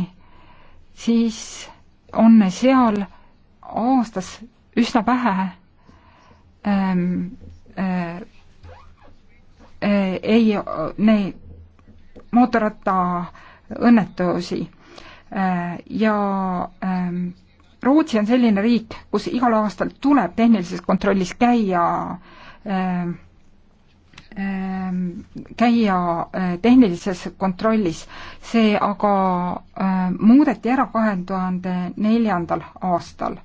[SPEAKER 2] siis on seal aastas üsna vähe ähm, äh, äh, ei, neid mootorrattaõnnetusi äh, ja ähm, Rootsi on selline riik, kus igal aastal tuleb tehnilises kontrollis käia ähm, ähm, käia äh, tehnilises kontrollis, see aga äh, muudeti ära kahe tuhande neljandal aastal.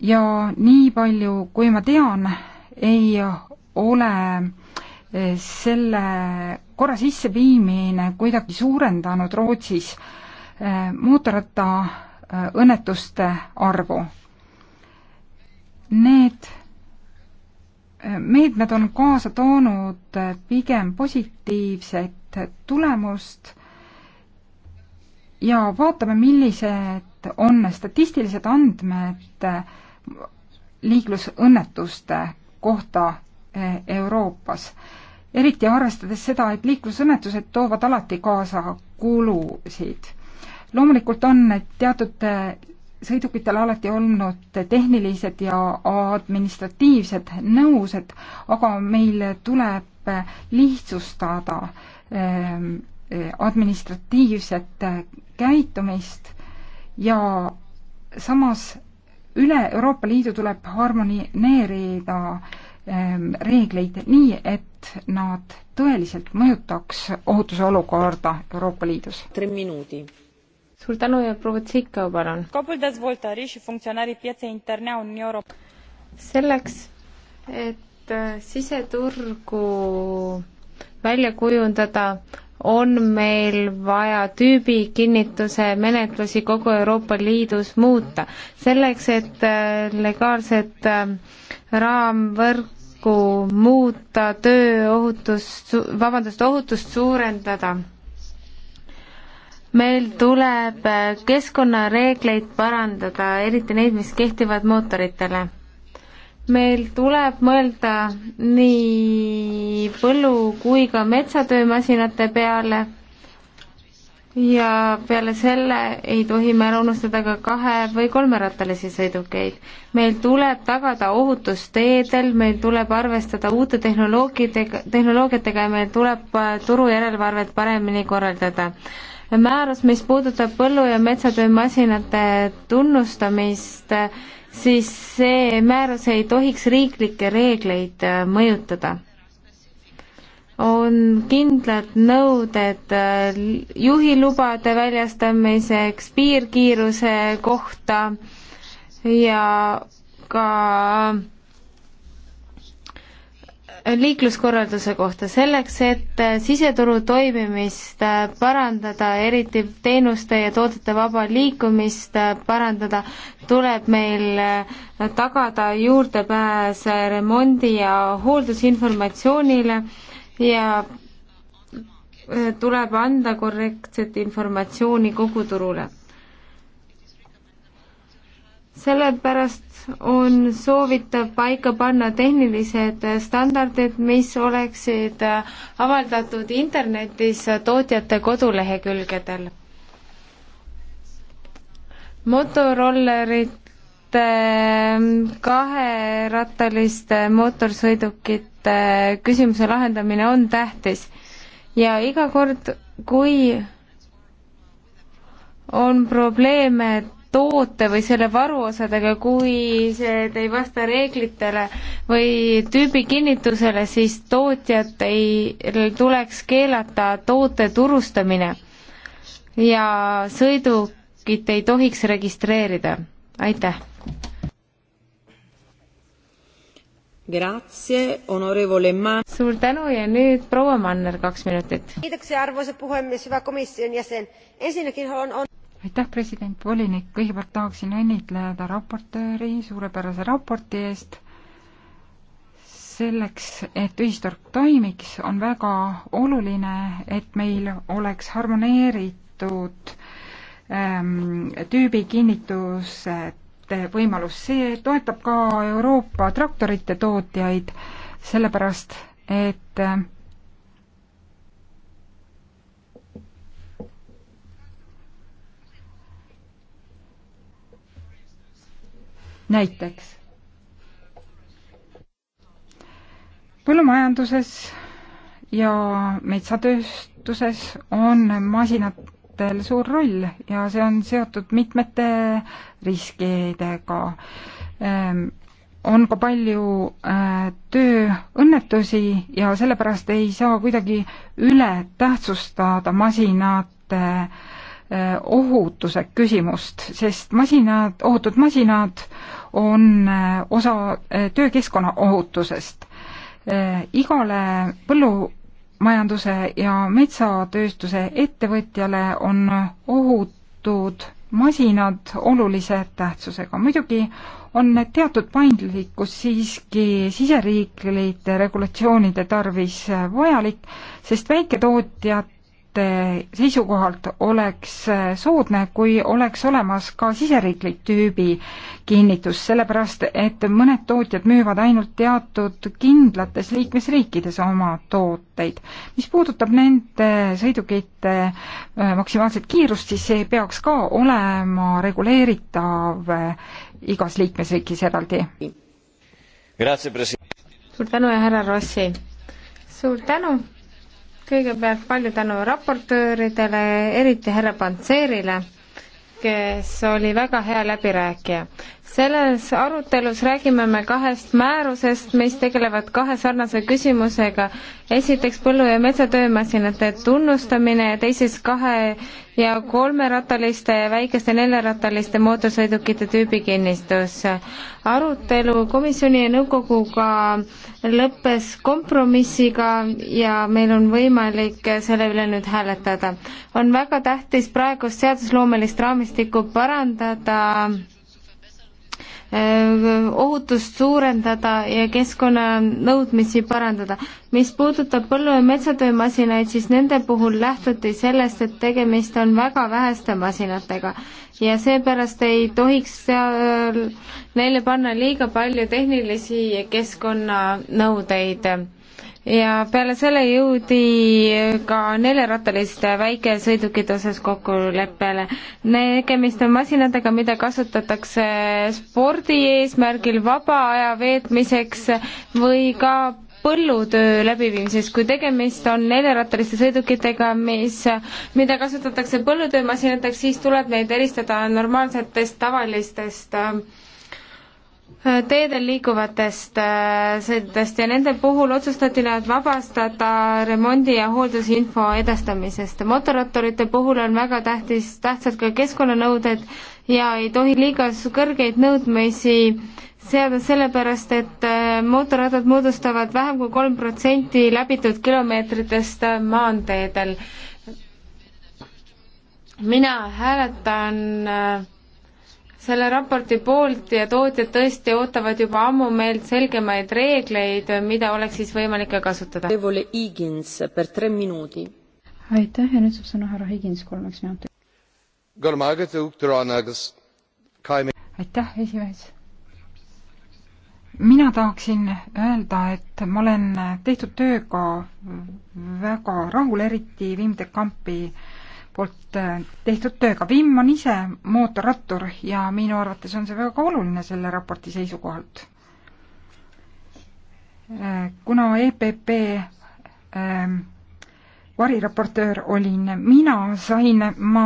[SPEAKER 2] ja nii palju, kui ma tean, ei ole äh, selle korra sisseviimine kuidagi suurendanud Rootsis eh, mootorrattaõnnetuste eh, arvu. Need eh, meetmed on kaasa toonud pigem positiivset tulemust ja vaatame, millised on statistilised andmed liiklusõnnetuste kohta Euroopas. eriti arvestades seda, et liiklusõnnetused toovad alati kaasa kulusid. loomulikult on teatud äh, sõidukitel alati olnud tehnilised ja administratiivsed nõused, aga meil tuleb äh, lihtsustada ähm, äh, administratiivset käitumist ja samas üle Euroopa Liidu tuleb harmoneerida äh, Ähm, reegleid nii, et nad tõeliselt mõjutaks ohutuse olukorda
[SPEAKER 3] Euroopa Liidus. suur tänu ja proua Tsikau, palun. selleks, et äh, siseturgu välja kujundada, on meil vaja tüübikinnituse menetlusi kogu Euroopa Liidus muuta. selleks, et äh, legaalset äh, raamvõrk paraku muuta tööohutust, vabandust, ohutust suurendada. meil tuleb keskkonnareegleid parandada, eriti neid, mis kehtivad mootoritele. meil tuleb mõelda nii põllu- kui ka metsatöömasinate peale ja peale selle ei tohi me ära unustada ka kahe- või kolmerattalisi sõidukeid. meil tuleb tagada ohutus teedel, meil tuleb arvestada uute tehnoloogiatega, tehnoloogiatega ja meil tuleb äh, turujärelevalvet paremini korraldada. määrus, mis puudutab põllu- ja metsatöömasinate tunnustamist, äh, siis see määrus ei tohiks riiklikke reegleid äh, mõjutada on kindlad nõuded äh, juhilubade väljastamiseks, piirkiiruse kohta ja ka liikluskorralduse kohta, selleks et äh, siseturu toimimist äh, parandada, eriti teenuste ja toodete vaba liikumist parandada, tuleb meil tagada juurdepääs remondi- ja hooldusinformatsioonile ja äh, tuleb anda korrektset informatsiooni koguturule. sellepärast on soovitav paika panna tehnilised standardid, mis oleksid avaldatud internetis tootjate kodulehekülgedel. motorollerid äh, kaherattaliste mootorsõidukite kaevandajate äh, küsimuse lahendamine on tähtis ja iga kord, kui on probleeme toote või selle varuosadega, kui see ei vasta reeglitele või tüübi kinnitusele, siis tootjat ei tuleks keelata toote turustamine ja sõidukit ei tohiks registreerida. aitäh! Grazie, onorevole Mann. suur tänu ja nüüd proua Manner, kaks minutit. aitäh, president, volinik, kõigepealt tahaksin
[SPEAKER 2] õnnitleda raportööri suurepärase raporti eest. selleks, et ühisturg toimiks, on väga oluline, et meil oleks harmoneeritud ähm, tüübikinnitused tootjate võimalus, see toetab ka Euroopa traktorite tootjaid, sellepärast et näiteks põllumajanduses ja metsatööstuses on masinad ettevõtetel suur roll ja see on seotud mitmete riskidega. Ehm, on ka palju äh, tööõnnetusi ja sellepärast ei saa kuidagi üle tähtsustada masinate äh, ohutuse küsimust, sest masinad, ohutud masinad on äh, osa töökeskkonna ohutusest. igale põllu mahemajanduse ja metsatööstuse ettevõtjale on ohutud masinad olulise tähtsusega. muidugi on teatud paindlikkus siiski siseriiklite regulatsioonide tarvis vajalik, sest väiketootjad ettevõtete seisukohalt oleks soodne, kui oleks olemas ka siseriiklik tüübi kinnitus, sellepärast et mõned tootjad müüvad ainult teatud kindlates liikmesriikides oma tooteid. mis puudutab nende sõidukite äh, maksimaalset kiirust, siis see peaks ka olema reguleeritav äh,
[SPEAKER 3] igas liikmesriigis eraldi. suur tänu ja härra Rossi! suur tänu! kõigepealt palju tänu raportööridele, eriti härra Pantseerile, kes oli väga hea läbirääkija. selles arutelus räägime me kahest määrusest, mis tegelevad kahe sarnase küsimusega. esiteks põllu- ja metsatöömasinate tunnustamine ja teises kahe ja kolmerattaliste ja väikeste neljarattaliste mootorsõidukite tüübikinnistus. arutelu komisjoni ja nõukoguga lõppes kompromissiga ja meil on võimalik selle üle nüüd hääletada. on väga tähtis praegust seadusloomelist raamistikku parandada Äh, ohutust suurendada ja keskkonnanõudmisi parandada. mis puudutab põllu- ja metsatöömasinaid, siis nende puhul lähtuti sellest, et tegemist on väga väheste masinatega ja seepärast ei tohiks seal neile panna liiga palju tehnilisi keskkonnanõudeid ja peale selle jõudi ka neljarattaliste väikesõidukite osas kokkuleppele. tegemist on masinatega, mida kasutatakse spordi eesmärgil, vaba aja veetmiseks või ka põllutöö läbiviimises, kui tegemist on neljarattaliste sõidukitega, mis, mida kasutatakse põllutöömasinateks, siis tuleb neid eristada normaalsetest tavalistest äh, teedel liikuvatest äh, sõidutest ja nende puhul otsustati nad vabastada remondi ja hooldusinfo edastamisest. mootorratturite puhul on väga tähtis, tähtsad ka keskkonnanõuded ja ei tohi liiga kõrgeid nõudmisi seada sellepärast, et äh, mootorrattad moodustavad vähem kui kolm protsenti läbitud kilomeetritest äh, maanteedel. mina hääletan äh, selle raporti poolt ja tootjad tõesti ootavad juba ammu meilt selgemaid reegleid, mida oleks siis võimalik ka kasutada.
[SPEAKER 1] aitäh ja nüüd saab sõna
[SPEAKER 2] härra Higins kolmeks minutiks. aitäh, esimees. mina tahaksin öelda, et ma olen tehtud tööga väga rahul, eriti Wim de Kampi poolt äh, tehtud tööga. Vimm on ise mootorrattur ja minu arvates on see väga oluline selle raporti seisukohalt. Äh, kuna EPP ähm, variraportöör olin mina, sain ma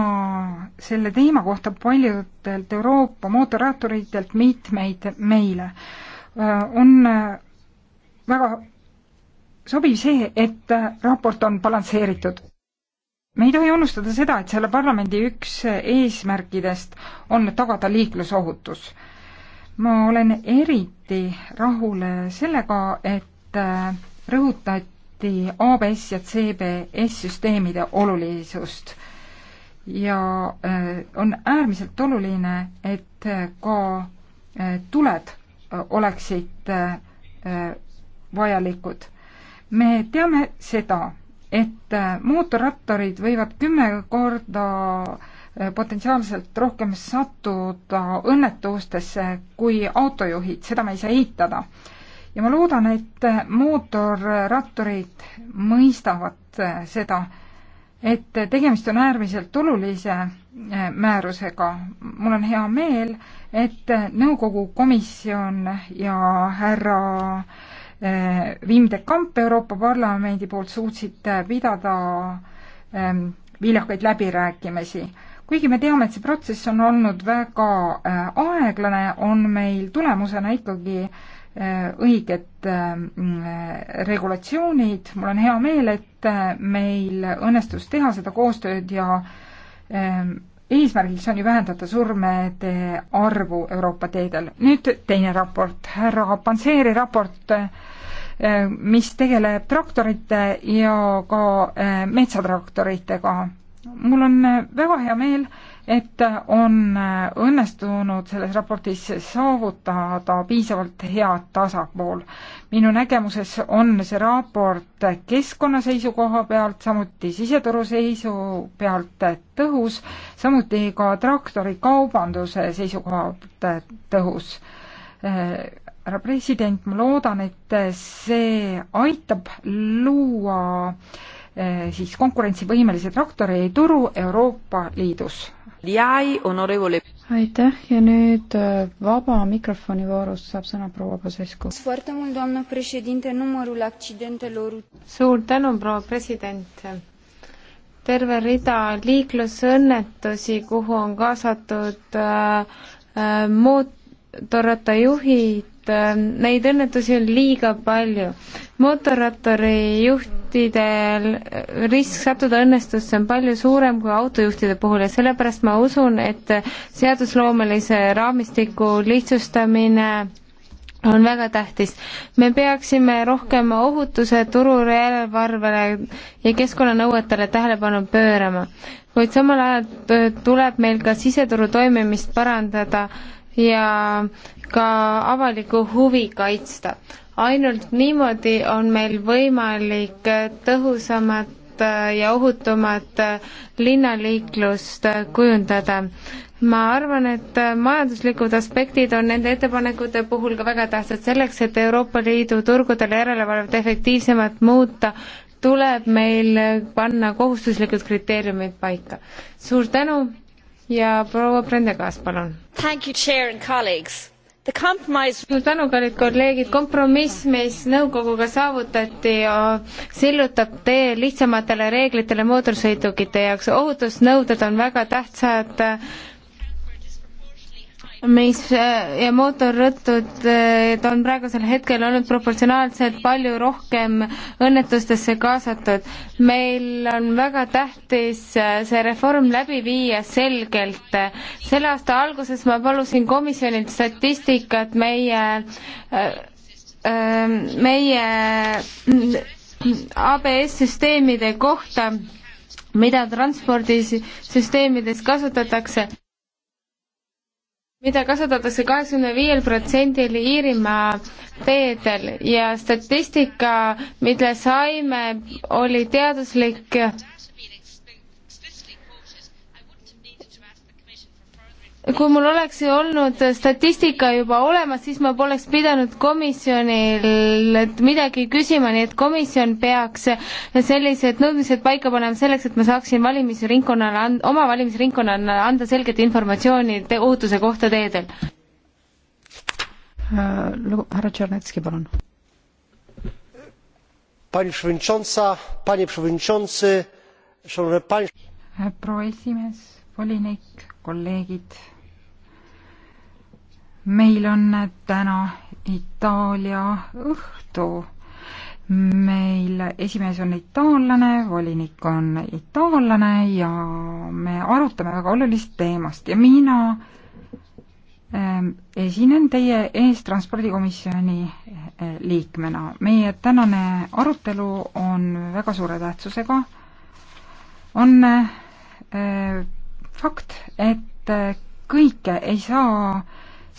[SPEAKER 2] selle teema kohta paljudelt Euroopa mootorratturitelt mitmeid meile. Äh, on väga sobiv see, et raport on balansseeritud me ei tohi unustada seda, et selle parlamendi üks eesmärkidest on tagada liiklusohutus. ma olen eriti rahul sellega, et äh, rõhutati ABS ja CBS süsteemide olulisust ja äh, on äärmiselt oluline, et äh, ka tuled oleksid vajalikud. me teame seda, et äh, mootorrattarid võivad kümme korda äh, potentsiaalselt rohkem sattuda õnnetustesse kui autojuhid, seda me ei saa eitada. ja ma loodan, et äh, mootorratturid mõistavad seda, et tegemist on äärmiselt olulise määrusega. mul on hea meel, et nõukogu komisjon ja härra Äh, Wim de Kamp Euroopa Parlamendi poolt suutsid äh, pidada ähm, viljakaid läbirääkimisi. kuigi me teame, et see protsess on olnud väga äh, aeglane, on meil tulemusena ikkagi õiged ähm, regulatsioonid, mul on hea meel, et meil õnnestus teha seda koostööd ja ähm, eesmärgiks on ju vähendada surmade arvu Euroopa teedel. nüüd teine raport, härra Panseeri raport, eh, mis tegeleb traktorite ja ka eh, metsatraktoritega. mul on eh, väga hea meel, et on õnnestunud selles raportis saavutada piisavalt head tasakaal. minu nägemuses on see raport keskkonna seisukoha pealt, samuti siseturu seisu pealt tõhus, samuti ka traktorikaubanduse seisukohalt tõhus. härra president, ma loodan, et see aitab luua eh, siis konkurentsivõimelise traktori turu Euroopa Liidus aitäh ja nüüd äh,
[SPEAKER 1] vaba mikrofoni voorus saab sõna proua Pasescu. suur
[SPEAKER 3] tänu, proua president. terve rida liiklusõnnetusi, kuhu on kaasatud äh, äh mootorrattajuhid, et äh, neid õnnetusi on liiga palju. mootorratturijuhtidel äh, risk sattuda õnnestusse on palju suurem kui autojuhtide puhul ja sellepärast ma usun, et seadusloomelise raamistiku lihtsustamine on väga tähtis. me peaksime rohkem ohutuse, turujärelevalvele ja keskkonnanõuetele tähelepanu pöörama, kuid samal ajal tuleb meil ka siseturu toimimist parandada ja ka avalikku huvi kaitsta. ainult niimoodi on meil võimalik tõhusamat ja ohutumat linnaliiklust kujundada. ma arvan, et majanduslikud aspektid on nende ettepanekute puhul ka väga tähtsad selleks, et Euroopa Liidu turgudele järelevalvet efektiivsemalt muuta, tuleb meil panna kohustuslikud kriteeriumid paika. suur tänu ja proua Prendekas, palun. suur tänu, kallid kolleegid, kompromiss, mis nõukoguga saavutati, sillutab tee lihtsamatele reeglitele mootorsõidukite jaoks, ohutusnõuded on väga tähtsad äh, mis äh, ja mootorrõttud äh, on praegusel hetkel olnud proportsionaalselt palju rohkem õnnetustesse kaasatud. meil on väga tähtis äh, see reform läbi viia selgelt. selle aasta alguses ma palusin komisjonilt statistikat meie, meie ABS-süsteemide kohta, mida transpordisüsteemides kasutatakse mida kasutatakse kaheksakümne viiel protsendil Iirimaa teedel ja statistika, mille saime, oli teaduslik kui mul oleks ju olnud statistika juba olemas, siis ma poleks pidanud komisjonil midagi küsima, nii et komisjon peaks sellised nõudmised paika panema selleks, et ma saaksin valimisringkonnale, oma valimisringkonnale anda selget informatsiooni te ohutuse kohta teedel.
[SPEAKER 1] Äh, härra Tšernetski, palun. Äh,
[SPEAKER 2] proua esimees, volinik kolleegid meil on täna Itaalia õhtu. meil esimees on itaallane, volinik on itaallane ja me arutame väga olulist teemast ja mina ähm, esinen teie ees Transpordikomisjoni äh, liikmena. meie tänane arutelu on väga suure tähtsusega. on äh, fakt, et äh, kõike ei saa äh,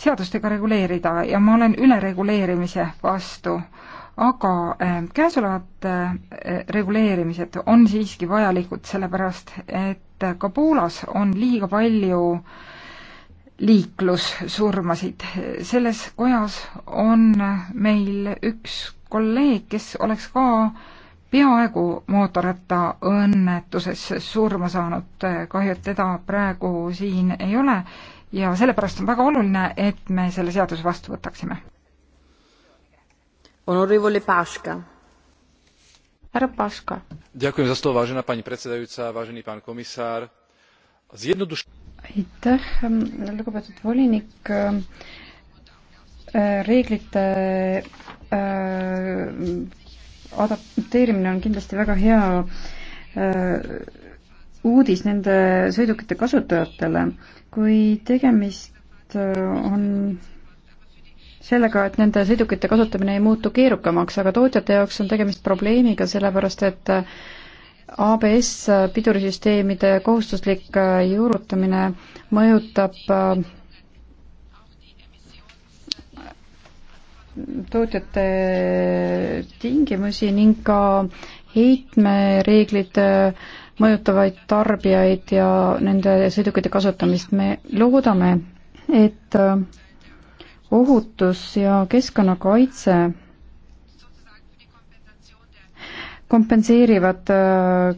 [SPEAKER 2] seadustega reguleerida ja ma olen ülereguleerimise vastu, aga eh, käesolevad eh, reguleerimised on siiski vajalikud, sellepärast et ka Poolas on liiga palju liiklussurmasid. selles kojas on meil üks kolleeg, kes oleks ka peaaegu mootorrattaõnnetuses surma saanud, kahju, et teda praegu siin ei ole ja sellepärast on väga oluline, et me selle seaduse vastu võtaksime. härra Paška.
[SPEAKER 1] aitäh, lugupeetud volinik. Äh, reeglite äh, adapteerimine on kindlasti väga hea äh, uudis nende sõidukite kasutajatele, kui tegemist äh, on sellega, et nende sõidukite kasutamine ei muutu keerukamaks, aga tootjate jaoks on tegemist probleemiga, sellepärast et äh, ABS äh, pidurisüsteemide kohustuslik juurutamine mõjutab tootjate tingimusi ning ka heitmereeglid äh, mõjutavaid tarbijaid ja nende sõidukite kasutamist. me loodame, et äh, ohutus ja keskkonnakaitse kompenseerivad äh,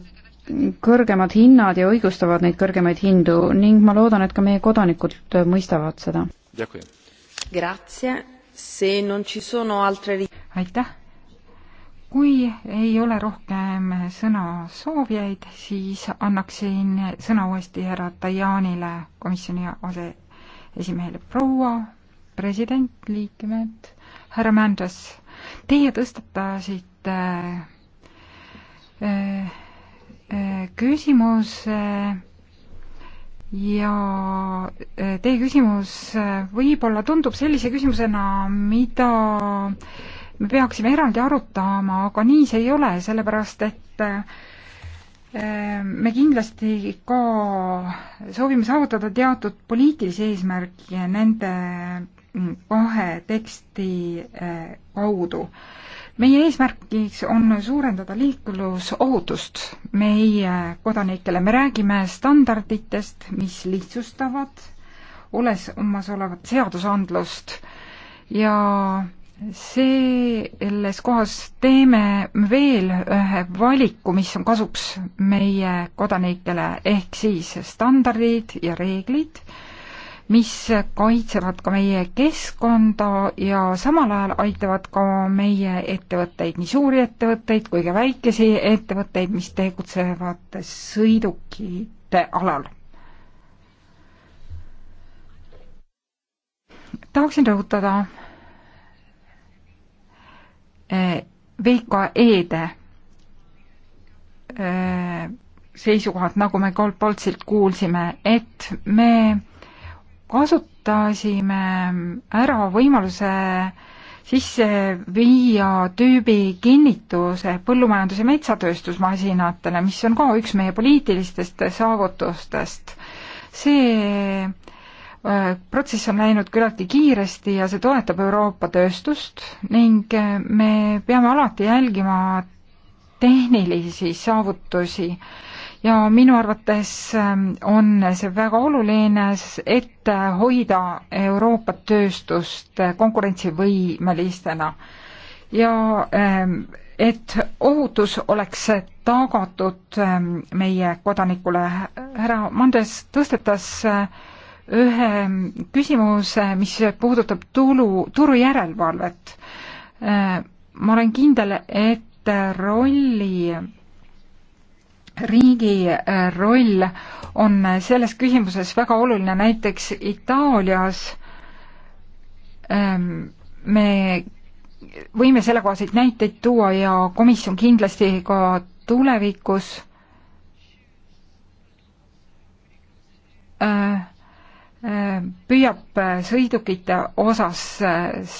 [SPEAKER 1] kõrgemad hinnad ja õigustavad neid kõrgemaid hindu ning ma loodan, et ka meie kodanikud mõistavad seda.
[SPEAKER 2] aitäh! kui ei ole rohkem sõnasoovijaid, siis annaksin sõna uuesti härra Dajanile, komisjoni aseesimehele. proua president, liikmed, härra Mändras, teie tõstatasite äh, äh, küsimuse ja äh, teie küsimus võib-olla tundub sellise küsimusena, mida me peaksime eraldi arutama, aga nii see ei ole, sellepärast et äh, me kindlasti ka soovime saavutada teatud poliitilisi eesmärke nende kahe teksti äh, kaudu. meie eesmärgiks on suurendada liiklusohutust meie kodanikele, me räägime standarditest, mis lihtsustavad olemas olevat seadusandlust ja selles kohas teeme veel ühe valiku, mis on kasuks meie kodanikele, ehk siis standardid ja reeglid, mis kaitsevad ka meie keskkonda ja samal ajal aitavad ka meie ettevõtteid, nii suuri ettevõtteid kui ka väikesi ettevõtteid, mis tegutsevad sõidukite alal tahaksin rõhutada VKE-de äh, seisukohad, nagu me Kolpoltsilt kuulsime, et me kasutasime ära võimaluse sisse viia tüübi kinnituse põllumajandus- ja metsatööstusmasinatele, mis on ka üks meie poliitilistest saavutustest. see Äh, protsess on läinud küllaltki kiiresti ja see toetab Euroopa tööstust ning äh, me peame alati jälgima tehnilisi saavutusi ja minu arvates ähm, on see väga oluline, et äh, hoida Euroopa tööstust konkurentsivõimelistena ja ähm, et ohutus oleks tagatud ähm, meie kodanikule. härra Mandes tõstetas äh, ühe küsimuse, mis puudutab tulu, turujärelevalvet. ma olen kindel, et rolli riigi roll on selles küsimuses väga oluline, näiteks Itaalias ehm, me võime sellekohaseid näiteid tuua ja komisjon kindlasti ka tulevikus äh, püüab äh, sõidukite osas äh,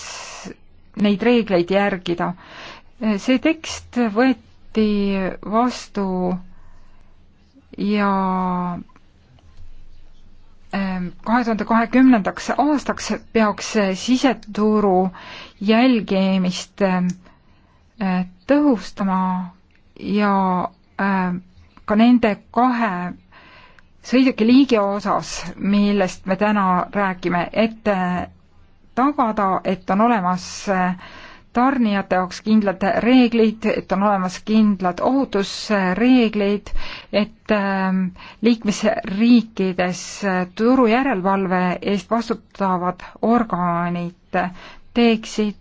[SPEAKER 2] neid reegleid järgida. Äh, see tekst võeti vastu ja ähm, kahe tuhande kahekümnendaks aastaks peaks siseturu jälgimist ähm, tõhustama ja ka nende kahe sõidukiliigi osas, millest me täna räägime, et äh, tagada, et on olemas äh, tarnijate jaoks kindlad reeglid, et on olemas kindlad ohutusreeglid, et ähm, liikmesriikides äh, turujärelevalve eest vastutavad organid teeksid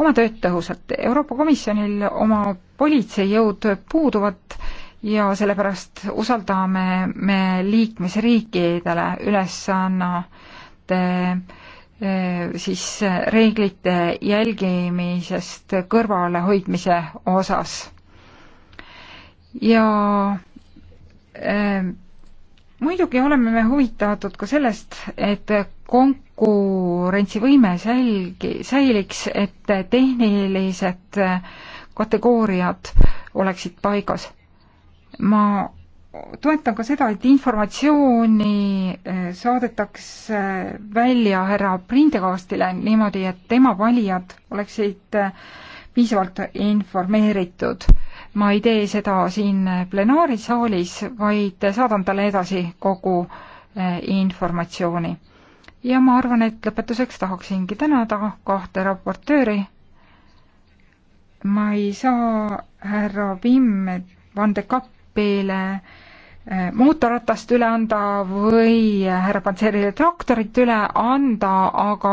[SPEAKER 2] oma tööd tõhusalt. Euroopa Komisjonil oma politseijõud puuduvad ja sellepärast usaldame me liikmesriikidele ülesannete eh, siis reeglite jälgimisest kõrvalehoidmise osas. ja eh, muidugi oleme me huvitatud ka sellest, et konkurentsivõime sälgi, säiliks, et tehnilised kategooriad oleksid paigas ma toetan ka seda, et informatsiooni eh, saadetakse eh, välja härra Prindekastile niimoodi, et tema valijad oleksid eh, piisavalt informeeritud. ma ei tee seda siin plenaarisaalis, vaid saadan talle edasi kogu informatsiooni. ja ma arvan, et lõpetuseks tahaksingi tänada kahte raportööri. ma ei saa härra Vimm Van de Kapp Peele eh, mootorratast üle anda või härra Pantserile traktorit üle anda, aga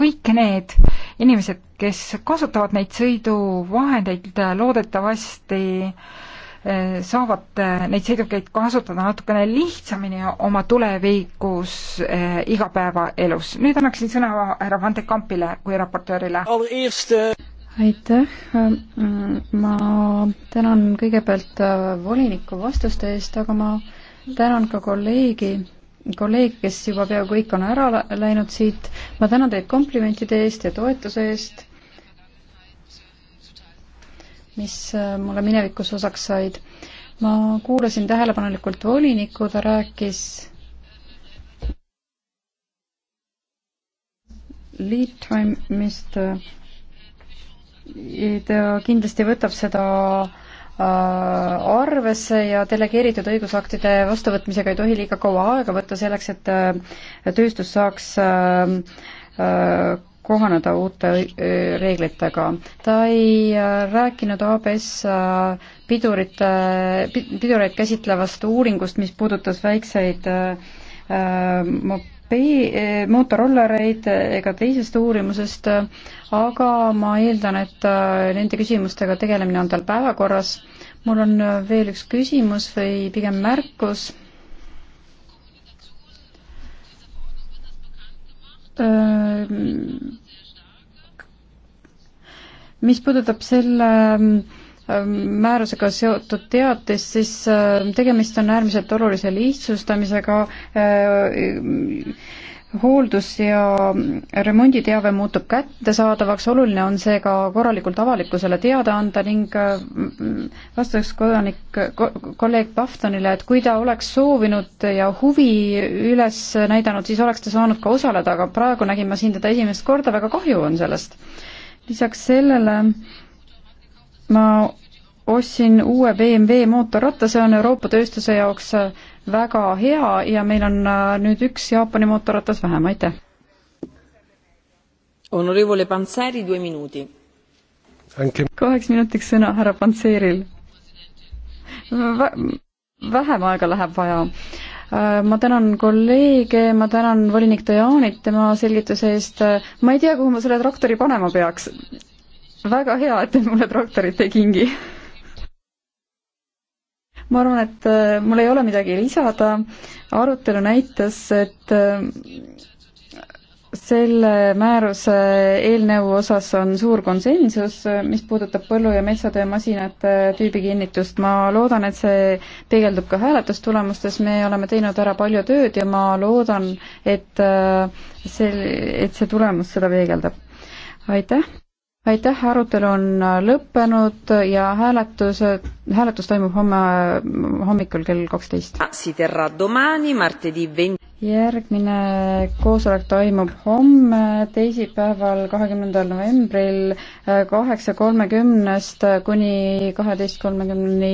[SPEAKER 2] kõik need inimesed, kes kasutavad neid sõiduvahendeid, loodetavasti eh, saavad eh, neid sõidukeid kasutada natukene lihtsamini oma tulevikus äh, igapäevaelus. nüüd annaksin sõna härra Van de Kampile kui raportöörile aitäh, ähm,
[SPEAKER 1] ma tänan kõigepealt äh, voliniku vastuste eest, aga ma tänan ka kolleegi, kolleeg, kes juba peaaegu kõik on ära läinud siit, ma tänan teid komplimentide eest ja toetuse eest, mis äh, mulle minevikus osaks said. ma kuulasin tähelepanelikult volinikku, ta rääkis lead time, mis ta ta kindlasti võtab seda äh, arvesse ja delegeeritud õigusaktide vastuvõtmisega ei tohi liiga kaua aega võtta selleks, et äh, tööstus saaks äh, kohaneda uute reeglitega. ta ei rääkinud ABS pidurite, pidureid käsitlevast uuringust, mis puudutas väikseid Eh, mootorrollareid eh, ega teisest uurimusest, eh, aga ma eeldan, et nende küsimustega tegelemine on tal päevakorras. mul on veel üks küsimus või pigem märkus. Ehm, mis puudutab selle mm, Ähm, määrusega seotud teatis, siis äh, tegemist on äärmiselt olulise lihtsustamisega äh, hooldus ja remonditeave muutub kättesaadavaks, oluline on see ka korralikult avalikkusele teada anda ning äh, vastuseks kodanik, kolleeg Paftonile, et kui ta oleks soovinud ja huvi üles näidanud, siis oleks ta saanud ka osaleda, aga praegu nägin ma siin teda esimest korda, väga kahju on sellest. lisaks sellele äh, ma ostsin uue BMW mootorratta, see on Euroopa tööstuse jaoks äh, väga hea ja meil on äh, nüüd üks Jaapani mootorratas vähem, aitäh. Honorevole Panseri, due minuti. kaheks minutiks sõna härra Panseril Vä. vähem aega läheb vaja äh, ma tänan kolleege, ma tänan volinik Dajanit tema selgituse eest. ma ei tea, kuhu ma selle traktori panema peaks väga hea, et te mulle traktorit ei kingi. ma arvan, et äh, mul ei ole midagi lisada, arutelu näitas, et äh, selle määruse eelnõu osas on suur konsensus, äh, mis puudutab põllu- ja metsatöömasinate tüübikinnitust. ma loodan, et see peegeldub ka hääletustulemustes, me oleme teinud ära palju tööd ja ma loodan, et see, et see tulemus seda peegeldab. aitäh! aitäh, arutelu on lõppenud ja hääletus, hääletus toimub homme hommikul kell kaksteist. Ah, järgmine koosolek toimub homme, teisipäeval, kahekümnendal novembril kaheksa kolmekümnest kuni kaheteist kolmekümneni